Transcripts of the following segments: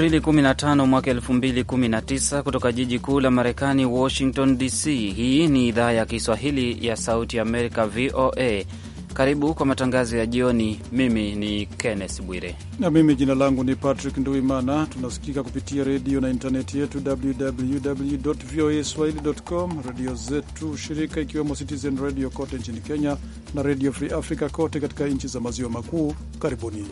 Aprili 15 mwaka 2019 kutoka jiji kuu la Marekani, Washington DC. Hii ni idhaa ya Kiswahili ya Sauti ya Amerika, VOA. Karibu kwa matangazo ya jioni. Mimi ni Kenneth Bwire na mimi jina langu ni Patrick Nduimana. Tunasikika kupitia redio na intaneti yetu www voa swahili.com, redio zetu shirika ikiwemo Citizen Radio kote nchini Kenya na Redio Free Africa kote katika nchi za maziwa makuu. Karibuni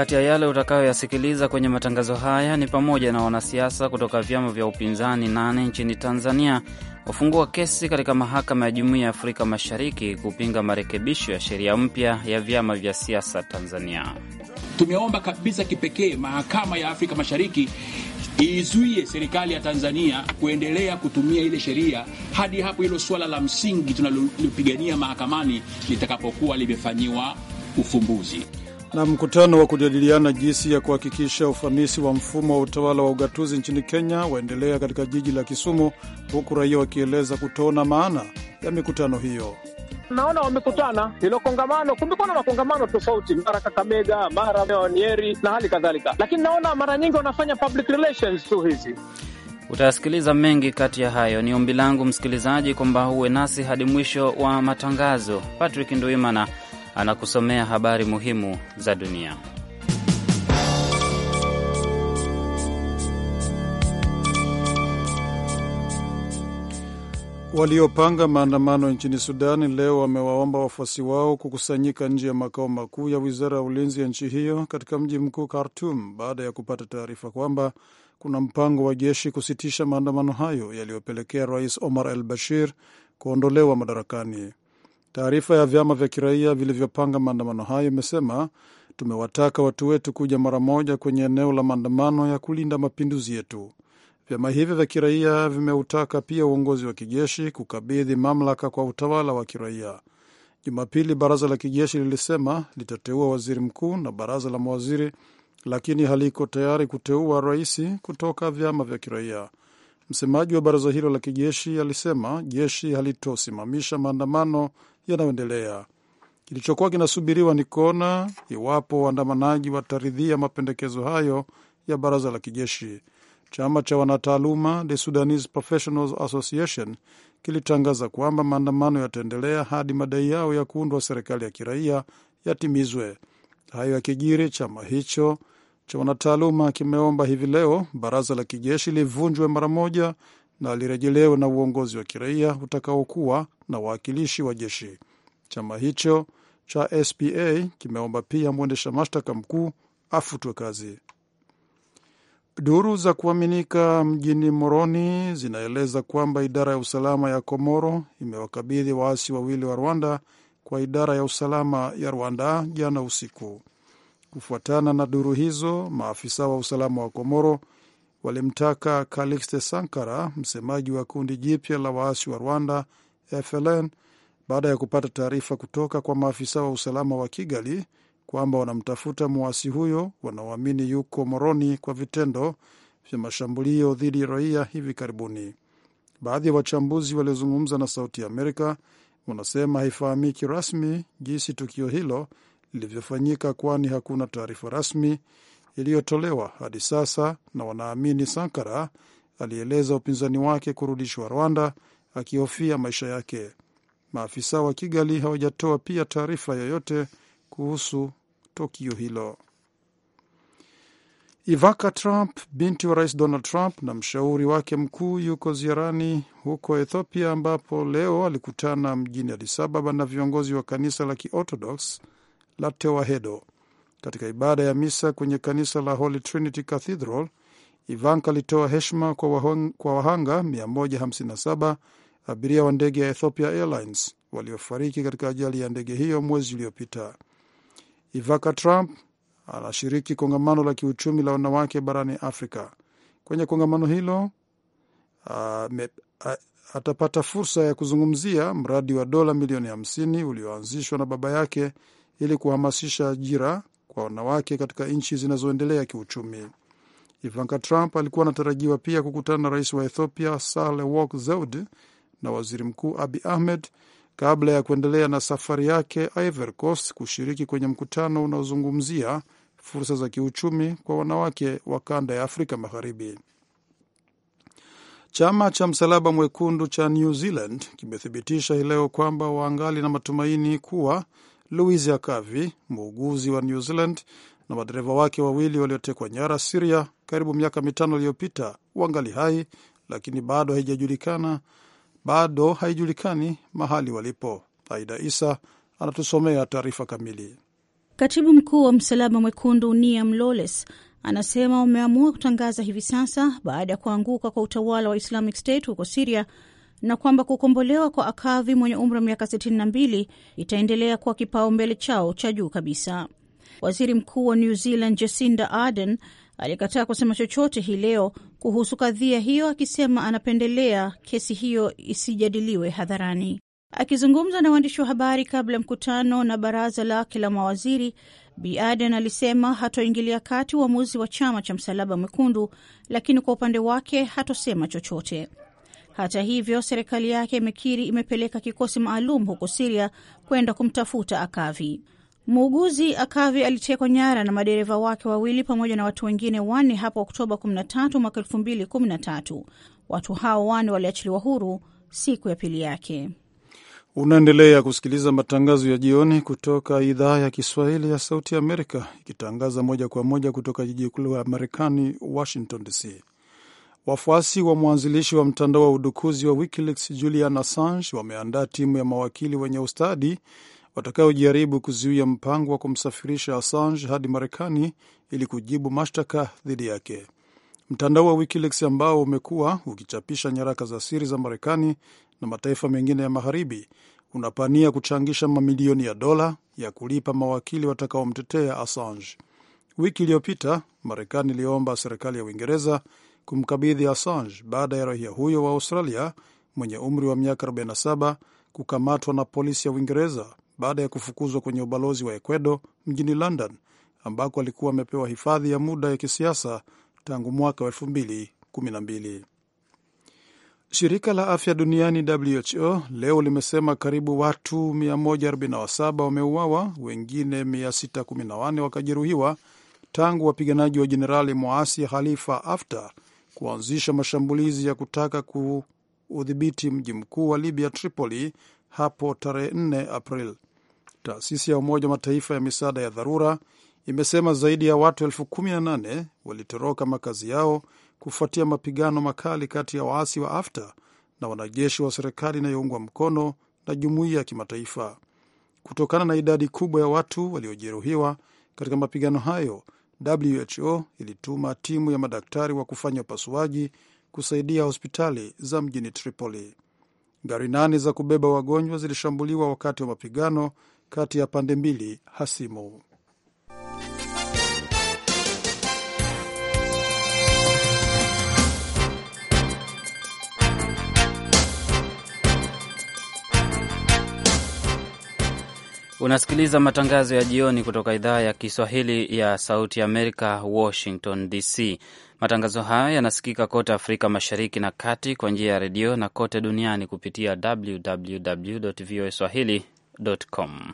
Kati ya yale utakayoyasikiliza kwenye matangazo haya ni pamoja na wanasiasa kutoka vyama vya upinzani nane nchini Tanzania wafungua kesi katika mahakama ya Jumuiya ya Afrika Mashariki kupinga marekebisho ya sheria mpya ya vyama vya siasa Tanzania. Tumeomba kabisa kipekee mahakama ya Afrika Mashariki izuie serikali ya Tanzania kuendelea kutumia ile sheria hadi hapo hilo suala la msingi tunalopigania mahakamani litakapokuwa limefanyiwa ufumbuzi. Na mkutano wa kujadiliana jinsi ya kuhakikisha ufanisi wa mfumo wa utawala wa ugatuzi nchini Kenya waendelea katika jiji la Kisumu, huku raia wakieleza kutoona maana ya mikutano hiyo. Naona wamekutana hilo kongamano. Kumekuwa na makongamano tofauti, mara Kakamega, mara Wanieri na hali kadhalika, lakini naona mara nyingi wanafanya public relations tu hizi. Utayasikiliza mengi kati ya hayo. Ni ombi langu msikilizaji kwamba uwe nasi hadi mwisho wa matangazo. Patrick Nduimana anakusomea habari muhimu za dunia. Waliopanga maandamano nchini Sudani leo wamewaomba wafuasi wao kukusanyika nje ya makao makuu ya wizara ya ulinzi ya nchi hiyo katika mji mkuu Khartum baada ya kupata taarifa kwamba kuna mpango wa jeshi kusitisha maandamano hayo yaliyopelekea rais Omar al Bashir kuondolewa madarakani. Taarifa ya vyama vya kiraia vilivyopanga maandamano hayo imesema, tumewataka watu wetu kuja mara moja kwenye eneo la maandamano ya kulinda mapinduzi yetu. Vyama hivyo vya kiraia vimeutaka pia uongozi wa kijeshi kukabidhi mamlaka kwa utawala wa kiraia. Jumapili, baraza la kijeshi lilisema litateua waziri mkuu na baraza la mawaziri, lakini haliko tayari kuteua rais kutoka vyama vya kiraia. Msemaji wa baraza hilo la kijeshi alisema jeshi halitosimamisha maandamano yanayoendelea. Kilichokuwa kinasubiriwa ni kuona iwapo waandamanaji wataridhia mapendekezo hayo ya baraza la kijeshi. Chama cha wanataaluma The Sudanese Professionals Association kilitangaza kwamba maandamano yataendelea hadi madai yao ya kuundwa serikali ya kiraia yatimizwe. Hayo yakijiri, chama hicho cha wanataaluma kimeomba hivi leo baraza la kijeshi livunjwe mara moja na lirejelewe na uongozi wa kiraia utakaokuwa na wawakilishi wa jeshi. Chama hicho cha SPA kimeomba pia mwendesha mashtaka mkuu afutwe kazi. Duru za kuaminika mjini Moroni zinaeleza kwamba idara ya usalama ya Komoro imewakabidhi waasi wawili wa Rwanda kwa idara ya usalama ya Rwanda jana usiku. Kufuatana na duru hizo, maafisa wa usalama wa Komoro walimtaka Kalixte Sankara, msemaji wa kundi jipya la waasi wa Rwanda FLN baada ya kupata taarifa kutoka kwa maafisa wa usalama wa Kigali kwamba wanamtafuta mwasi huyo wanaoamini yuko moroni kwa vitendo vya mashambulio dhidi ya raia hivi karibuni. Baadhi ya wa wachambuzi waliozungumza na Sauti ya Amerika wanasema haifahamiki rasmi jinsi tukio hilo lilivyofanyika, kwani hakuna taarifa rasmi iliyotolewa hadi sasa, na wanaamini Sankara alieleza upinzani wake kurudishwa Rwanda akihofia maisha yake. Maafisa wa Kigali hawajatoa pia taarifa yoyote kuhusu tukio hilo. Ivanka Trump, binti wa rais Donald Trump, na mshauri wake mkuu yuko ziarani huko Ethiopia, ambapo leo alikutana mjini Addis Ababa na viongozi wa kanisa la Kiorthodox la Tewahedo katika ibada ya misa kwenye kanisa la Holy Trinity Cathedral Ivanka alitoa heshima kwa, wahong, kwa wahanga 157 abiria wa ndege ya Ethiopia Airlines waliofariki katika ajali ya ndege hiyo mwezi uliopita. Ivanka Trump anashiriki kongamano la kiuchumi la wanawake barani Afrika. Kwenye kongamano hilo a, me, a, atapata fursa ya kuzungumzia mradi wa dola milioni 50 ulioanzishwa na baba yake ili kuhamasisha ajira kwa wanawake katika nchi zinazoendelea kiuchumi. Ivanka Trump alikuwa anatarajiwa pia kukutana na rais wa Ethiopia Sahle-Work Zewde na waziri mkuu abi Ahmed kabla ya kuendelea na safari yake Ivory Coast kushiriki kwenye mkutano unaozungumzia fursa za kiuchumi kwa wanawake wa kanda ya Afrika Magharibi. Chama cha Msalaba Mwekundu cha New Zealand kimethibitisha hii leo kwamba waangali na matumaini kuwa louis Akavi, muuguzi wa New Zealand na madereva wake wawili waliotekwa nyara Siria karibu miaka mitano iliyopita wangali hai, lakini bado haijajulikana bado haijulikani mahali walipo. Aida Isa anatusomea taarifa kamili. Katibu mkuu wa Msalaba Mwekundu niam loles anasema wameamua kutangaza hivi sasa baada ya kuanguka kwa utawala wa Islamic State huko Siria na kwamba kukombolewa kwa Akavi mwenye umri wa miaka 62 itaendelea kuwa kipaumbele chao cha juu kabisa. Waziri Mkuu wa New Zealand Jacinda Ardern alikataa kusema chochote hii leo kuhusu kadhia hiyo, akisema anapendelea kesi hiyo isijadiliwe hadharani. Akizungumza na waandishi wa habari kabla ya mkutano na baraza lake la mawaziri, Bi Aden alisema hatoingilia kati uamuzi wa, wa chama cha Msalaba Mwekundu, lakini kwa upande wake hatosema chochote. Hata hivyo, serikali yake imekiri imepeleka kikosi maalum huko Siria kwenda kumtafuta Akavi. Muuguzi Akavi alitekwa nyara na madereva wake wawili pamoja na watu wengine wanne hapo Oktoba 13 mwaka 2013. Watu hao wanne waliachiliwa huru siku ya pili yake. Unaendelea kusikiliza matangazo ya jioni kutoka idhaa ya Kiswahili ya Sauti Amerika, ikitangaza moja kwa moja kutoka jiji kuu la Marekani, Washington DC. Wafuasi wa mwanzilishi wa mtandao wa udukuzi wa WikiLeaks Julian Assange wameandaa timu ya mawakili wenye ustadi watakaojaribu kuzuia mpango wa kumsafirisha Assange hadi Marekani ili kujibu mashtaka dhidi yake. Mtandao wa WikiLeaks ambao umekuwa ukichapisha nyaraka za siri za Marekani na mataifa mengine ya Magharibi unapania kuchangisha mamilioni ya dola ya kulipa mawakili watakaomtetea Assange. Wiki iliyopita Marekani iliomba serikali ya Uingereza kumkabidhi Assange baada ya raia huyo wa Australia mwenye umri wa miaka 47 kukamatwa na polisi ya Uingereza baada ya kufukuzwa kwenye ubalozi wa Ecuador mjini London ambako alikuwa amepewa hifadhi ya muda ya kisiasa tangu mwaka wa 2012. Shirika la afya duniani WHO leo limesema karibu watu 147 wameuawa, wengine 614 wakajeruhiwa tangu wapiganaji wa jenerali mwasi Khalifa Haftar kuanzisha mashambulizi ya kutaka kuudhibiti mji mkuu wa Libya, Tripoli, hapo tarehe 4 April. Taasisi ya Umoja wa Mataifa ya misaada ya dharura imesema zaidi ya watu elfu kumi na nane walitoroka makazi yao kufuatia mapigano makali kati ya waasi wa AfTA na wanajeshi wa serikali inayoungwa mkono na jumuiya ya kimataifa. Kutokana na idadi kubwa ya watu waliojeruhiwa katika mapigano hayo, WHO ilituma timu ya madaktari wa kufanya upasuaji kusaidia hospitali za mjini Tripoli. Gari nane za kubeba wagonjwa zilishambuliwa wakati wa mapigano kati ya pande mbili hasimu. Unasikiliza matangazo ya jioni kutoka idhaa ya Kiswahili ya Sauti ya Amerika, Washington DC. Matangazo haya yanasikika kote Afrika Mashariki na Kati kwa njia ya redio na kote duniani kupitia www voa swahili com.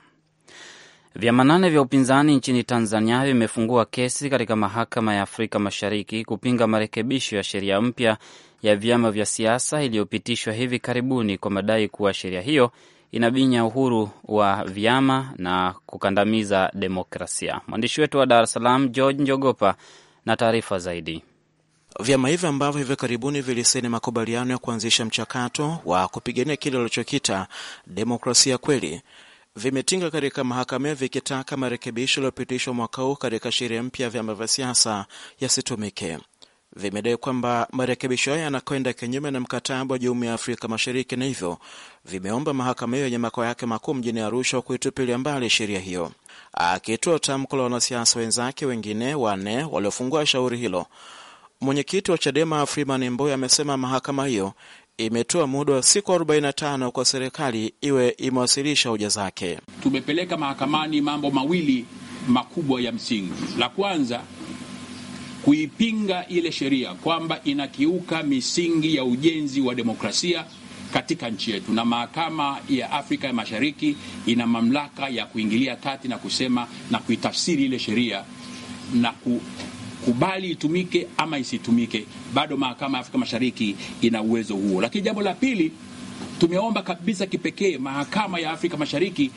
Vyama nane vya upinzani nchini Tanzania vimefungua kesi katika mahakama ya Afrika Mashariki kupinga marekebisho ya sheria mpya ya vyama vya siasa iliyopitishwa hivi karibuni kwa madai kuwa sheria hiyo inabinya uhuru wa vyama na kukandamiza demokrasia. Mwandishi wetu wa Dar es Salaam, George Njogopa, na taarifa zaidi. Vyama hivyo ambavyo hivi karibuni vilisaini makubaliano ya kuanzisha mchakato wa kupigania kile walichokita demokrasia kweli vimetinga katika mahakama vikitaka marekebisho yaliyopitishwa mwaka huu katika sheria mpya ya vyama vya siasa yasitumike. Vimedai kwamba marekebisho hayo yanakwenda kinyume na mkataba wa Jumuiya ya Afrika Mashariki, na hivyo vimeomba mahakama hiyo yenye makao yake makuu mjini Arusha kuitupilia mbali sheria hiyo. Akitoa tamko la wanasiasa wenzake wengine wanne waliofungua shauri hilo Mwenyekiti wa CHADEMA Freeman Mbowe amesema mahakama hiyo imetoa muda wa siku 45 kwa serikali iwe imewasilisha hoja zake. Tumepeleka mahakamani mambo mawili makubwa ya msingi. La kwanza kuipinga ile sheria kwamba inakiuka misingi ya ujenzi wa demokrasia katika nchi yetu, na mahakama ya Afrika ya Mashariki ina mamlaka ya kuingilia kati na kusema na kuitafsiri ile sheria na ku kukubali itumike ama isitumike, bado mahakama ya Afrika Mashariki ina uwezo huo. Lakini jambo la pili, tumeomba kabisa kipekee mahakama ya Afrika Mashariki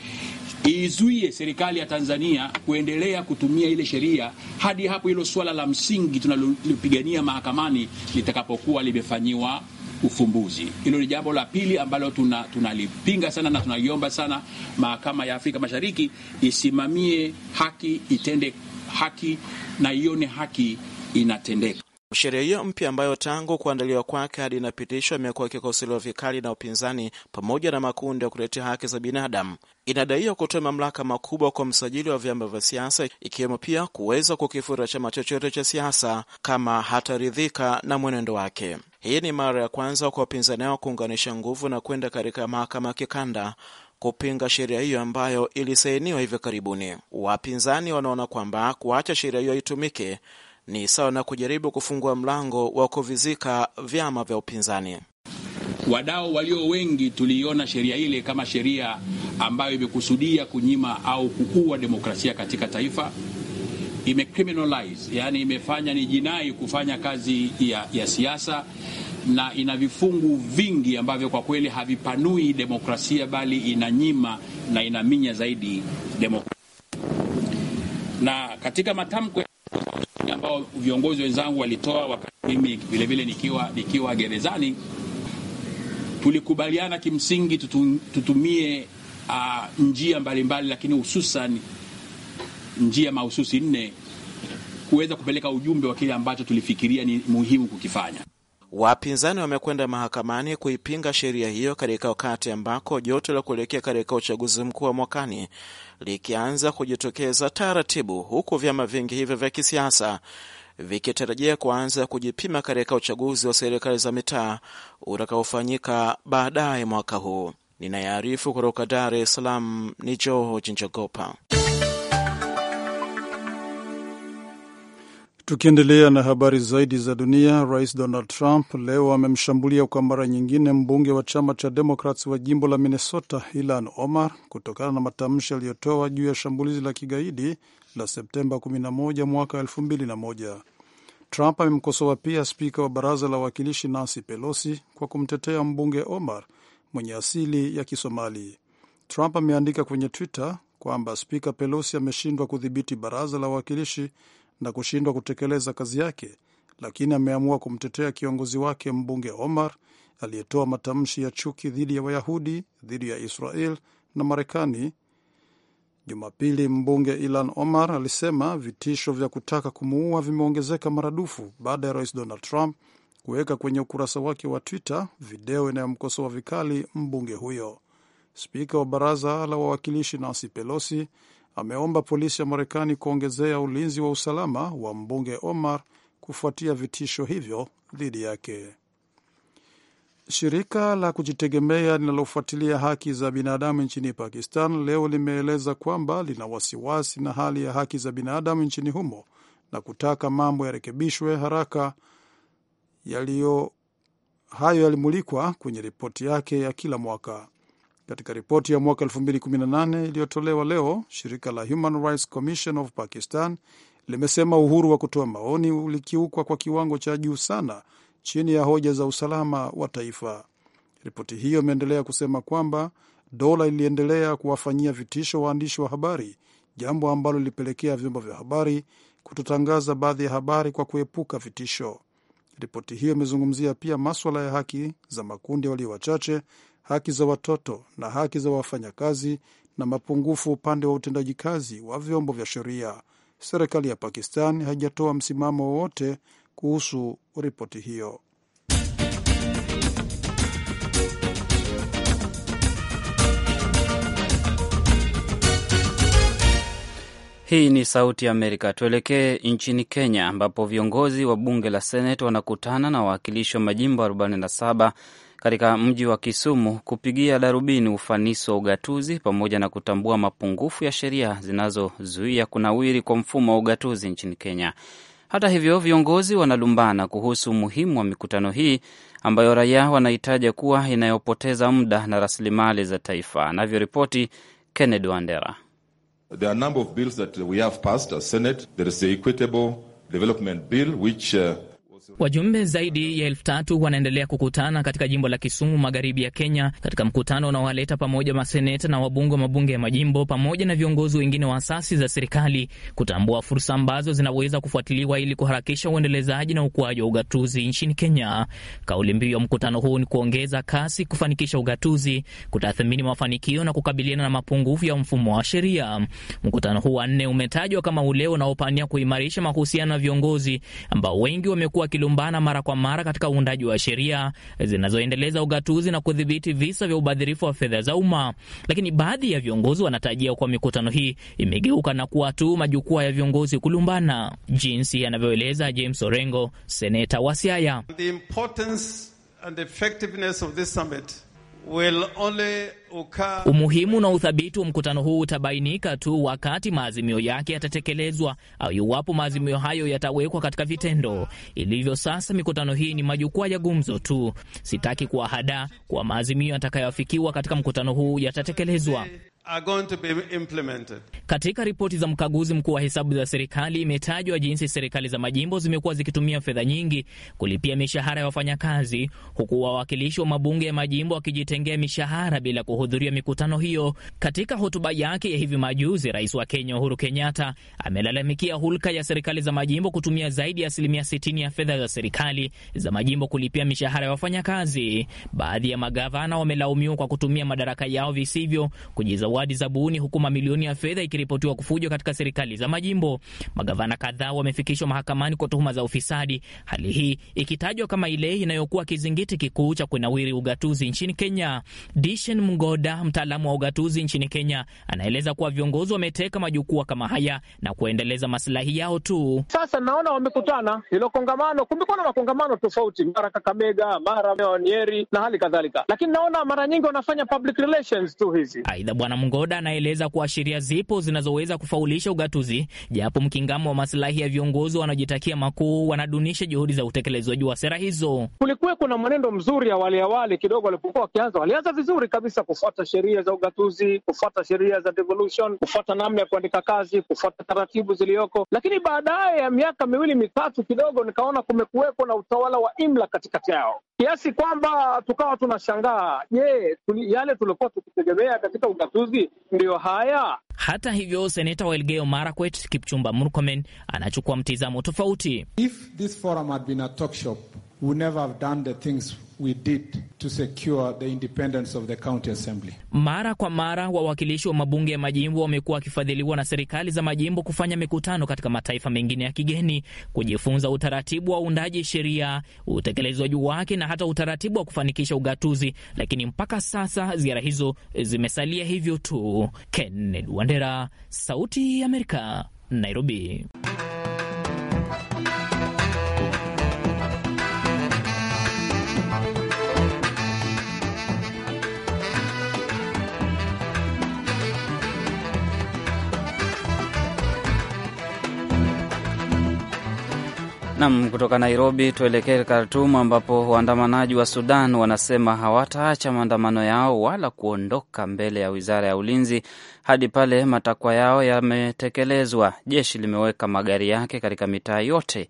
izuie serikali ya Tanzania kuendelea kutumia ile sheria hadi hapo hilo suala la msingi tunalopigania mahakamani litakapokuwa limefanyiwa ufumbuzi. Hilo ni jambo la pili ambalo tunalipinga tuna sana na tunaiomba sana mahakama ya Afrika Mashariki isimamie haki, itende haki na ione haki inatendeka. Sheria hiyo mpya ambayo tangu kuandaliwa kwake hadi inapitishwa imekuwa ikikosolewa vikali na upinzani pamoja na makundi ya kutetea haki za binadamu, inadaiwa kutoa mamlaka makubwa kwa msajili wa vyama vya siasa, ikiwemo pia kuweza kukifura chama chochote cha siasa kama hataridhika na mwenendo wake. Hii ni mara ya kwanza kwa wapinzani hao kuunganisha nguvu na kwenda katika mahakama ya kikanda kupinga sheria hiyo ambayo ilisainiwa hivi karibuni. Wapinzani wanaona kwamba kuacha sheria hiyo itumike ni sawa na kujaribu kufungua mlango wa kuvizika vyama vya upinzani. Wadau walio wengi tuliiona sheria ile kama sheria ambayo imekusudia kunyima au kukua demokrasia katika taifa. Imecriminalize, yani imefanya ni jinai kufanya kazi ya, ya siasa na ina vifungu vingi ambavyo kwa kweli havipanui demokrasia bali inanyima na inaminya zaidi demokrasia. Na katika matamko ambao viongozi wenzangu walitoa wakati mimi vilevile nikiwa, nikiwa gerezani, tulikubaliana kimsingi tutumie uh, njia mbalimbali mbali, lakini hususan njia mahususi nne kuweza kupeleka ujumbe wa kile ambacho tulifikiria ni muhimu kukifanya. Wapinzani wamekwenda mahakamani kuipinga sheria hiyo katika wakati ambako joto la kuelekea katika uchaguzi mkuu wa mwakani likianza kujitokeza taratibu, huku vyama vingi hivyo vya kisiasa vikitarajia kuanza kujipima katika uchaguzi wa serikali za mitaa utakaofanyika baadaye mwaka huu. Ninayaarifu kutoka Dar es Salaam ni George Njogopa. Tukiendelea na habari zaidi za dunia, Rais Donald Trump leo amemshambulia kwa mara nyingine mbunge wa chama cha Demokrats wa jimbo la Minnesota Ilan Omar kutokana na matamshi aliyotoa juu ya shambulizi la kigaidi la Septemba 11 mwaka 2001. Trump amemkosoa pia spika wa baraza la wawakilishi Nancy Pelosi kwa kumtetea mbunge Omar mwenye asili ya Kisomali. Trump ameandika kwenye Twitter kwamba spika Pelosi ameshindwa kudhibiti baraza la wawakilishi na kushindwa kutekeleza kazi yake, lakini ameamua kumtetea kiongozi wake mbunge Omar aliyetoa matamshi ya chuki dhidi ya Wayahudi, dhidi ya Israel na Marekani. Jumapili, mbunge Ilan Omar alisema vitisho vya kutaka kumuua vimeongezeka maradufu baada ya rais Donald Trump kuweka kwenye ukurasa wake wa Twitter video inayomkosoa vikali mbunge huyo. Spika wa baraza la wawakilishi Nancy Pelosi ameomba polisi ya Marekani kuongezea ulinzi wa usalama wa mbunge Omar kufuatia vitisho hivyo dhidi yake. Shirika la kujitegemea linalofuatilia haki za binadamu nchini Pakistan leo limeeleza kwamba lina wasiwasi na hali ya haki za binadamu nchini humo na kutaka mambo yarekebishwe haraka. Yaliyo hayo yalimulikwa kwenye ripoti yake ya kila mwaka. Katika ripoti ya mwaka 2018 iliyotolewa leo, shirika la Human Rights Commission of Pakistan limesema uhuru wa kutoa maoni ulikiukwa kwa kiwango cha juu sana chini ya hoja za usalama wa taifa. Ripoti hiyo imeendelea kusema kwamba dola iliendelea kuwafanyia vitisho waandishi wa habari, jambo ambalo lilipelekea vyombo vya habari kutotangaza baadhi ya habari kwa kuepuka vitisho. Ripoti hiyo imezungumzia pia maswala ya haki za makundi walio wachache haki za watoto na haki za wafanyakazi na mapungufu upande wa utendaji kazi wa vyombo vya sheria. Serikali ya Pakistan haijatoa msimamo wowote kuhusu ripoti hiyo. Hii ni Sauti ya Amerika. Tuelekee nchini Kenya, ambapo viongozi wa bunge la senate wanakutana na wawakilishi wa majimbo 47 katika mji wa Kisumu kupigia darubini ufanisi wa ugatuzi pamoja na kutambua mapungufu ya sheria zinazozuia kunawiri kwa mfumo wa ugatuzi nchini Kenya. Hata hivyo, viongozi wanalumbana kuhusu umuhimu wa mikutano hii ambayo raia wanahitaja kuwa inayopoteza muda na rasilimali za taifa, anavyoripoti Kennedy Wandera. There are Wajumbe zaidi ya elfu tatu wanaendelea kukutana katika jimbo la Kisumu, magharibi ya Kenya, katika mkutano unaowaleta pamoja maseneta na wabunge wa mabunge ya majimbo pamoja na viongozi wengine wa asasi za serikali kutambua fursa ambazo zinaweza kufuatiliwa ili kuharakisha uendelezaji na ukuaji wa ugatuzi nchini Kenya. Kauli mbiu ya mkutano huu ni kuongeza kasi, kufanikisha ugatuzi, kutathmini mafanikio na kukabiliana na mapungufu ya mfumo wa sheria. Mkutano huu wa nne umetajwa kama ule unaopania kuimarisha mahusiano ya viongozi ambao wengi wamekuwa wakilumbana mara kwa mara katika uundaji wa sheria zinazoendeleza ugatuzi na kudhibiti visa vya ubadhirifu wa fedha za umma. Lakini baadhi ya viongozi wanatarajia kuwa mikutano hii imegeuka na kuwa tu majukwaa ya viongozi kulumbana, jinsi yanavyoeleza James Orengo, seneta wa Siaya umuhimu na uthabiti wa mkutano huu utabainika tu wakati maazimio yake yatatekelezwa au iwapo maazimio hayo yatawekwa katika vitendo. Ilivyo sasa, mikutano hii ni majukwaa ya gumzo tu. Sitaki kuahada kuwa maazimio yatakayoafikiwa katika mkutano huu yatatekelezwa. Are going to be implemented. Katika ripoti za mkaguzi mkuu wa hesabu za serikali imetajwa jinsi serikali za majimbo zimekuwa zikitumia fedha nyingi kulipia mishahara ya wafanyakazi huku wawakilishi wa mabunge ya majimbo wakijitengea mishahara bila kuhudhuria mikutano hiyo. Katika hotuba yake ya hivi majuzi, rais wa Kenya Uhuru Kenyatta amelalamikia hulka ya serikali za majimbo kutumia zaidi ya asilimia 60 ya fedha za serikali za majimbo kulipia mishahara ya wafanyakazi. Baadhi ya magavana wamelaumiwa kwa kutumia madaraka yao visivyo kujiza zawadi za buni, huku mamilioni ya fedha ikiripotiwa kufujwa katika serikali za majimbo. Magavana kadhaa wamefikishwa mahakamani kwa tuhuma za ufisadi, hali hii ikitajwa kama ile inayokuwa kizingiti kikuu cha kunawiri ugatuzi nchini Kenya. Dishen Mgoda, mtaalamu wa ugatuzi nchini Kenya, anaeleza kuwa viongozi wameteka majukwaa kama haya na kuendeleza masilahi yao tu. Sasa naona wamekutana hilo kongamano, kumekuwa na makongamano tofauti, mara Kakamega, mara Manieri na hali kadhalika, lakini naona mara nyingi wanafanya public relations tu hizi. Aidha, bwana Mgoda anaeleza kuwa sheria zipo zinazoweza kufaulisha ugatuzi, japo mkingamo wa masilahi ya viongozi wanaojitakia makuu wanadunisha juhudi za utekelezwaji wa sera hizo. Kulikuwa kuna mwenendo mzuri awali awali kidogo, walipokuwa wakianza, walianza vizuri kabisa kufuata sheria za ugatuzi, kufuata sheria za devolution, kufuata namna ya kuandika kazi, kufuata taratibu ziliyoko, lakini baadaye ya miaka miwili mitatu kidogo, nikaona kumekuweko na utawala wa imla katikati yao kiasi kwamba tukawa tunashangaa, je, tuli, yale tuliokuwa tukitegemea katika ugatuzi ndiyo haya? Hata hivyo, seneta wa Elgeyo Marakwet Kipchumba Murkomen anachukua mtizamo tofauti. If this forum had been a talk shop, we never have done the things we did to secure the independence of the county assembly. Mara kwa mara wawakilishi wa mabunge ya majimbo wamekuwa wakifadhiliwa na serikali za majimbo kufanya mikutano katika mataifa mengine ya kigeni kujifunza utaratibu wa uundaji sheria, utekelezwaji wake na hata utaratibu wa kufanikisha ugatuzi, lakini mpaka sasa ziara hizo zimesalia hivyo tu. Kenneth Wandera, Sauti ya Amerika, Nairobi. Nam kutoka Nairobi tuelekee Khartum ambapo waandamanaji wa Sudan wanasema hawataacha maandamano yao wala kuondoka mbele ya wizara ya ulinzi hadi pale matakwa yao yametekelezwa. Jeshi limeweka magari yake katika mitaa yote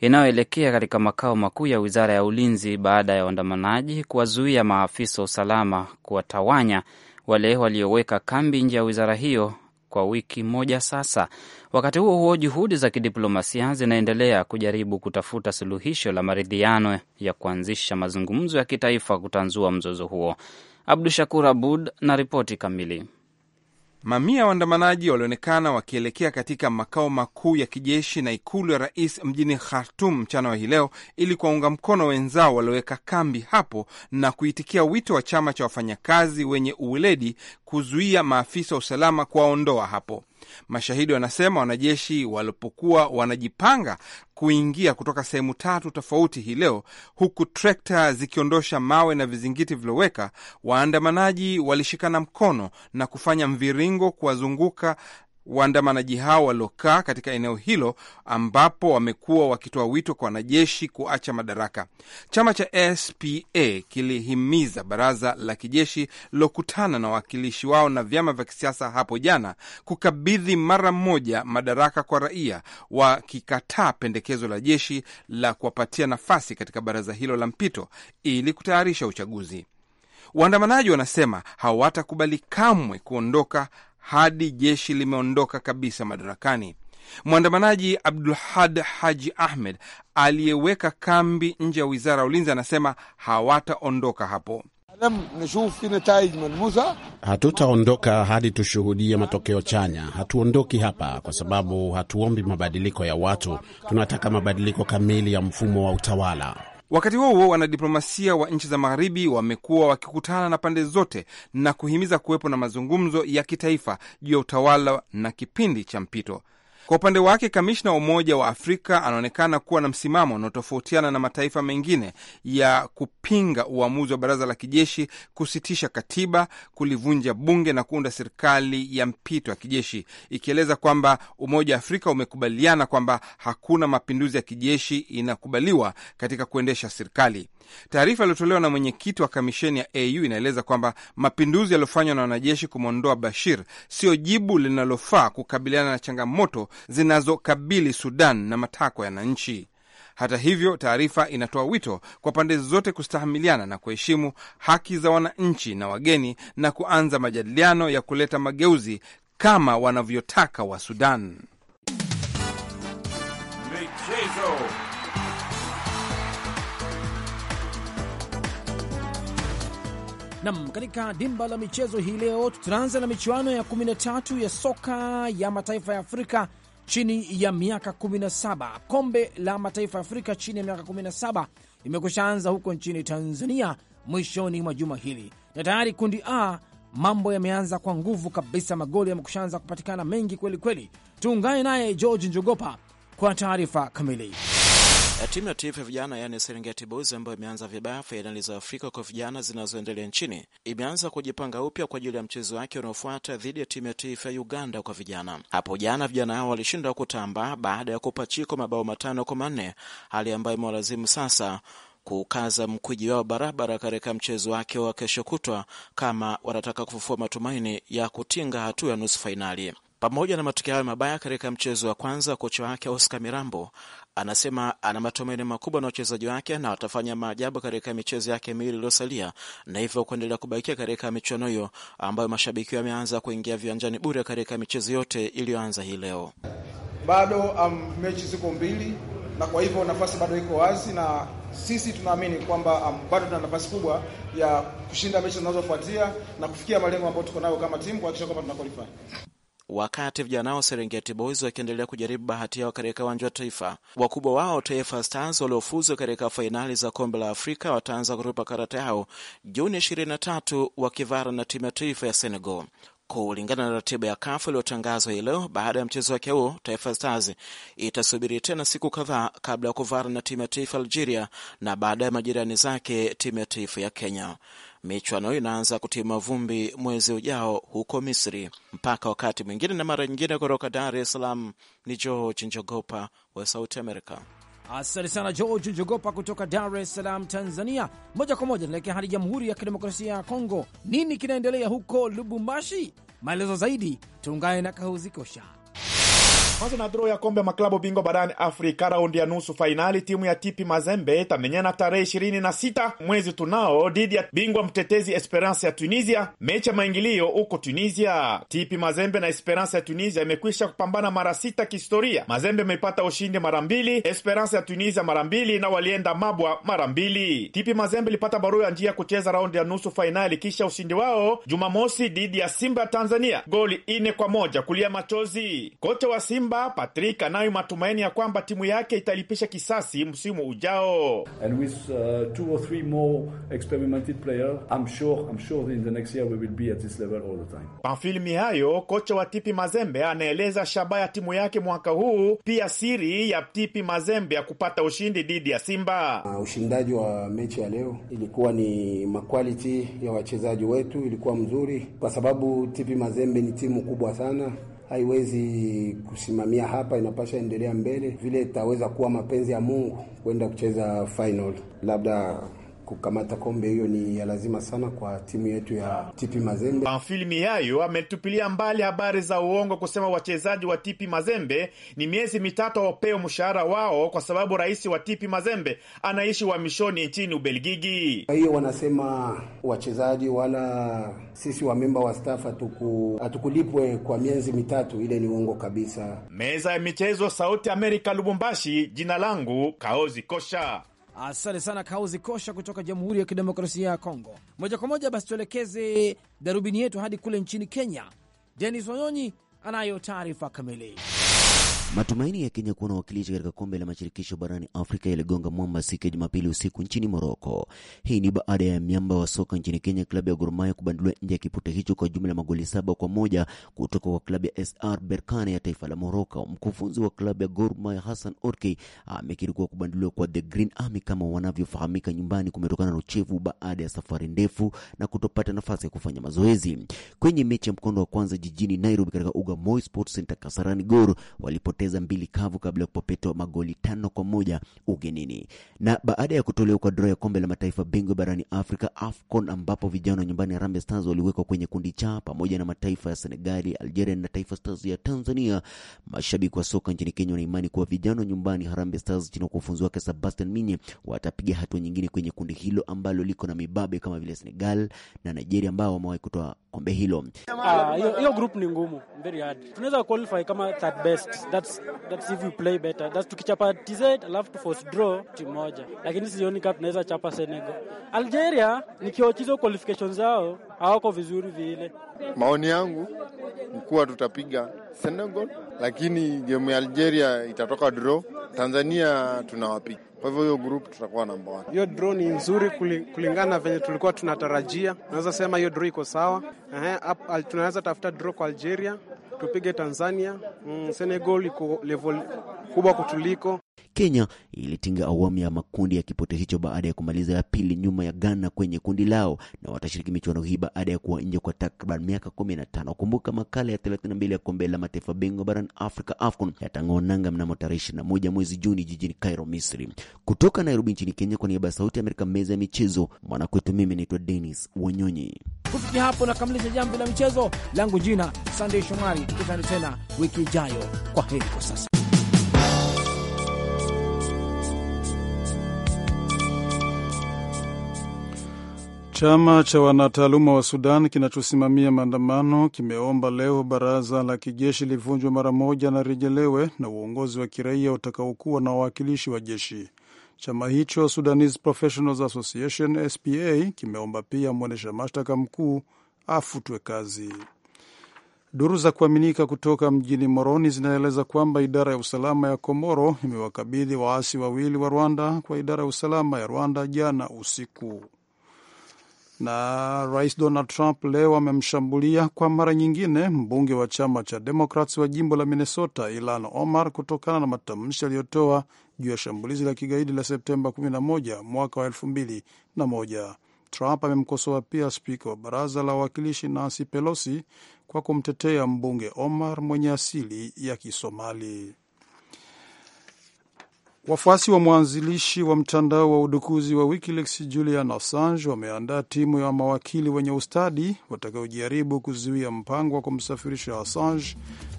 inayoelekea katika makao makuu ya wizara ya ulinzi baada ya waandamanaji kuwazuia maafisa wa usalama kuwatawanya wale walioweka kambi nje ya wizara hiyo kwa wiki moja sasa. Wakati huo huo, juhudi za kidiplomasia zinaendelea kujaribu kutafuta suluhisho la maridhiano ya kuanzisha mazungumzo ya kitaifa kutanzua mzozo huo. Abdu Shakur Abud na ripoti kamili. Mamia ya waandamanaji walionekana wakielekea katika makao makuu ya kijeshi na ikulu ya rais mjini Khartum mchana wa hii leo ili kuwaunga mkono wenzao walioweka kambi hapo na kuitikia wito wa chama cha wafanyakazi wenye uweledi kuzuia maafisa wa usalama kuwaondoa hapo. Mashahidi wanasema wanajeshi walipokuwa wanajipanga kuingia kutoka sehemu tatu tofauti hii leo, huku trekta zikiondosha mawe na vizingiti vilioweka, waandamanaji walishikana mkono na kufanya mviringo kuwazunguka waandamanaji hao waliokaa katika eneo hilo ambapo wamekuwa wakitoa wito kwa wanajeshi kuacha madaraka. Chama cha SPA kilihimiza baraza la kijeshi lilokutana na wawakilishi wao na vyama vya kisiasa hapo jana kukabidhi mara moja madaraka kwa raia, wakikataa pendekezo la jeshi la kuwapatia nafasi katika baraza hilo la mpito ili kutayarisha uchaguzi. Waandamanaji wanasema hawatakubali kamwe kuondoka hadi jeshi limeondoka kabisa madarakani. Mwandamanaji Abdulhad Haji Ahmed aliyeweka kambi nje ya wizara ya ulinzi anasema hawataondoka hapo. Hatutaondoka hadi tushuhudie matokeo chanya. Hatuondoki hapa kwa sababu hatuombi mabadiliko ya watu, tunataka mabadiliko kamili ya mfumo wa utawala. Wakati huo huo, wanadiplomasia wa nchi za magharibi wamekuwa wakikutana na pande zote na kuhimiza kuwepo na mazungumzo ya kitaifa juu ya utawala na kipindi cha mpito. Kwa upande wake kamishna wa Umoja wa Afrika anaonekana kuwa na msimamo unaotofautiana na mataifa mengine ya kupinga uamuzi wa baraza la kijeshi kusitisha katiba, kulivunja bunge na kuunda serikali ya mpito ya kijeshi, ikieleza kwamba Umoja wa Afrika umekubaliana kwamba hakuna mapinduzi ya kijeshi inakubaliwa katika kuendesha serikali. Taarifa iliyotolewa na mwenyekiti wa kamisheni ya AU inaeleza kwamba mapinduzi yaliyofanywa na wanajeshi kumwondoa Bashir siyo jibu linalofaa kukabiliana na changamoto zinazokabili Sudan na matakwa ya wananchi. Hata hivyo, taarifa inatoa wito kwa pande zote kustahamiliana na kuheshimu haki za wananchi na wageni na kuanza majadiliano ya kuleta mageuzi kama wanavyotaka wa Sudan. Nam, katika dimba la michezo hii leo tutaanza na michuano ya 13 ya soka ya mataifa ya Afrika chini ya miaka 17. Kombe la mataifa ya Afrika chini ya miaka 17 imekusha anza huko nchini Tanzania mwishoni mwa juma hili, na tayari kundi A mambo yameanza kwa nguvu kabisa, magoli yamekushaanza kupatikana mengi kweli kweli. Tuungane naye George Njogopa kwa taarifa kamili. E, timu ya taifa ya vijana yaani Serengeti Boys ambayo imeanza vibaya fainali za Afrika kwa vijana zinazoendelea nchini imeanza kujipanga upya kwa ajili ya mchezo wake unaofuata dhidi ya timu ya taifa ya Uganda kwa vijana. Hapo jana vijana hao walishindwa kutamba baada ya kupachikwa mabao matano kwa manne, hali ambayo imewalazimu sasa kukaza mkwiji wao barabara katika mchezo wake wa kesho kutwa kama wanataka kufufua matumaini ya kutinga hatua ya nusu fainali. Pamoja na matokeo hayo mabaya katika mchezo wa kwanza, kocha wake Oscar Mirambo anasema ana matumaini makubwa na wachezaji wake na watafanya maajabu katika michezo yake miwili iliyosalia na hivyo kuendelea kubakia katika michuano hiyo ambayo mashabiki wameanza kuingia viwanjani bure katika michezo yote iliyoanza hii leo. Bado um, mechi ziko mbili na kwa hivyo nafasi bado iko wazi, na sisi tunaamini kwamba um, bado tuna nafasi kubwa ya kushinda mechi zinazofuatia na kufikia malengo ambayo tuko nayo kama timu kuhakikisha kwamba tuna qualify. Wakati vijana wa Serengeti Boys wakiendelea kujaribu bahati yao katika uwanja wa Taifa, wakubwa wao Taifa Stars waliofuzwa katika fainali za kombe la Afrika wataanza kutupa karata yao Juni 23 wakivara na timu ya taifa ya Senegal. Kulingana na ratiba ya kafu iliyotangazwa hii leo, baada ya mchezo wake huo, Taifa Stars itasubiri tena siku kadhaa kabla ya kuvara na timu ya taifa Algeria na baadaye majirani zake timu ya taifa ya Kenya. Michuano hiyo inaanza kutima vumbi mwezi ujao huko Misri. Mpaka wakati mwingine na mara nyingine, kutoka Dar es Salaam ni George Njogopa wa Sauti Amerika. Asante sana George Njogopa kutoka Dar es Salaam, Tanzania. Moja kwa moja tunaelekea hadi Jamhuri ya Kidemokrasia ya Kongo. Nini kinaendelea huko Lubumbashi? Maelezo zaidi tuungane na kosha kwanza na droo ya kombe ya maklabu bingwa barani Afrika raundi ya nusu fainali, timu ya Tipi Mazembe itamenyana tarehe ishirini na sita mwezi tunao dhidi ya bingwa mtetezi Esperance ya Tunisia, mechi ya maingilio huko Tunisia. Tipi Mazembe na Esperance ya Tunisia imekwisha kupambana mara sita kihistoria. Mazembe imepata ushindi mara mbili, Esperance ya Tunisia mara mbili, na walienda mabwa mara mbili. Tipi Mazembe ilipata barua ya njia ya kucheza raundi ya nusu fainali kisha ushindi wao Jumamosi dhidi ya Simba ya Tanzania goli ine kwa moja kulia machozi. Kocha wa Simba Simba, Patrick anayo matumaini ya kwamba timu yake italipisha kisasi msimu ujao. And with, uh, two or three more experimented player, I'm sure, I'm sure in the next year we will be at this level all the time. Mihayo, kocha wa Tipi Mazembe, anaeleza shabaha ya timu yake mwaka huu, pia siri ya Tipi Mazembe ya kupata ushindi dhidi ya Simba. Uh, ushindaji wa mechi ya leo ilikuwa ni makwaliti ya wachezaji wetu ilikuwa mzuri, kwa sababu Tipi Mazembe ni timu kubwa sana haiwezi kusimamia hapa, inapasha endelea mbele, vile itaweza kuwa mapenzi ya Mungu kwenda kucheza final labda kukamata kombe hiyo ni ya lazima sana kwa timu yetu ya Tipi Mazembe. Pamfilimi yayo ametupilia mbali habari za uongo kusema wachezaji wa Tipi Mazembe ni miezi mitatu wapewe mshahara wao, kwa sababu rais wa Tipi Mazembe anaishi uhamishoni nchini Ubelgiji. Kwa hiyo wanasema wachezaji wala sisi wa memba wa staff hatukulipwe kwa miezi mitatu, ile ni uongo kabisa. Meza ya michezo, Sauti Amerika, Lubumbashi. Jina langu Kaozi Kosha. Asante sana Kauzi Kosha kutoka Jamhuri ya Kidemokrasia ya Kongo. Moja kwa moja basi tuelekeze darubini yetu hadi kule nchini Kenya. Denis Wanyonyi anayo taarifa kamili. Matumaini ya Kenya kuwa na wakilishi katika kombe la mashirikisho barani Afrika yaligonga mwamba siku ya Jumapili usiku nchini Moroko. Hii ni baada ya miamba wa soka nchini Kenya, klabu ya Gor Mahia kubanduliwa nje ya kipute hicho kwa jumla ya magoli saba kwa moja kutoka kwa klabu ya SR Berkane ya taifa la Moroko. Mkufunzi wa klabu ya Gor Mahia Hassan Orki amekiri kuwa kubanduliwa kwa The Green Army kama wanavyofahamika nyumbani kumetokana na uchevu baada ya safari ndefu na kutopata nafasi ya kufanya mazoezi. Kwenye mechi ya mkondo wa kwanza jijini Nairobi katika uga Moi Sports Center, Kasarani, Gor walipoteza kupoteza mbili kavu kabla ya kupopetwa magoli tano kwa moja ugenini. Na baada ya kutolewa kwa draw ya kombe la mataifa bingwa barani Afrika AFCON, ambapo vijana wa nyumbani Harambee Stars waliwekwa kwenye kundi cha pamoja na mataifa ya Senegali, Algeria na Taifa Stars ya Tanzania, mashabiki wa soka nchini Kenya wanaimani kuwa vijana wa nyumbani Harambee Stars chini kwa ufunzi wake Sebastian Minye watapiga hatua nyingine kwenye kundi hilo ambalo liko na mibabe kama vile Senegal na Nigeria ambao wamewahi kutoa kombe hilo. Ah, hiyo uh, group ni ngumu, very hard. Tunaweza qualify kama third best, that's that's if you play better, that's tukichapa TZ alafu to force draw timu moja, lakini sioni kama tunaweza chapa Senegal. Algeria nikiwachiza qualification zao hawako vizuri vile. Maoni yangu kuwa tutapiga Senegal, lakini game ya Algeria itatoka draw. Tanzania tunawapiga kwa hivyo hiyo group tutakuwa namba one. Hiyo draw ni nzuri kulingana na venye tulikuwa tunatarajia. Naweza sema hiyo draw iko sawa. tunaweza tafuta draw kwa Algeria, tupige Tanzania. Mm, Senegal iko level kubwa kutuliko. Kenya ilitinga awamu ya makundi ya kipote hicho baada ya kumaliza ya pili nyuma ya Ghana kwenye kundi lao, na watashiriki michuano hii baada ya kuwa nje kwa takriban miaka kumi na tano. Kumbuka makala ya 32 ya kombe la mataifa bingwa barani Afrika AFCON yatang'oonanga mnamo tarehe ishirini na moja mwezi Juni jijini Cairo, Misri. Kutoka Nairobi nchini Kenya, kwa niaba ya Sauti ya Amerika, meza ya michezo mwanakwetu, mimi naitwa Dennis Wanyonyi. Kufikia hapo nakamilisha jambo la michezo langu, jina Sandey Shomari. Tukutane tena wiki ijayo. Kwa heri kwa sasa. Chama cha wanataaluma wa Sudan kinachosimamia maandamano kimeomba leo baraza la kijeshi livunjwe mara moja na rejelewe na uongozi wa kiraia utakaokuwa na wawakilishi wa jeshi. Chama hicho Sudanese Professionals Association SPA kimeomba pia mwendesha mashtaka mkuu afutwe kazi. Duru za kuaminika kutoka mjini Moroni zinaeleza kwamba idara ya usalama ya Komoro imewakabidhi waasi wawili wa Rwanda kwa idara ya usalama ya Rwanda jana usiku na Rais Donald Trump leo amemshambulia kwa mara nyingine mbunge wa chama cha demokrats wa jimbo la Minnesota ilan Omar kutokana na matamshi aliyotoa juu ya shambulizi la kigaidi la Septemba 11 mwaka wa 2001. Trump amemkosoa pia spika wa baraza la wawakilishi Nancy Pelosi kwa kumtetea mbunge Omar mwenye asili ya Kisomali. Wafuasi wa mwanzilishi wa mtandao wa udukuzi wa WikiLeaks Julian Assange wameandaa timu ya mawakili wenye ustadi watakaojaribu kuzuia mpango wa kumsafirisha Assange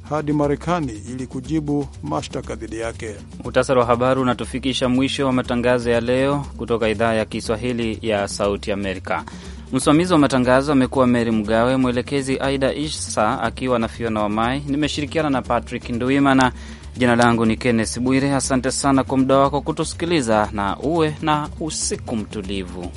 hadi Marekani ili kujibu mashtaka dhidi yake. Muhtasari wa habari unatufikisha mwisho wa matangazo ya leo kutoka idhaa ya Kiswahili ya Sauti Amerika. Msimamizi wa matangazo amekuwa Meri Mgawe, mwelekezi Aida Isa akiwa na Fiona Wamai. Nimeshirikiana na Patrick Nduimana. Jina langu ni Kenneth Bwire. Asante sana kwa muda wako kutusikiliza, na uwe na usiku mtulivu.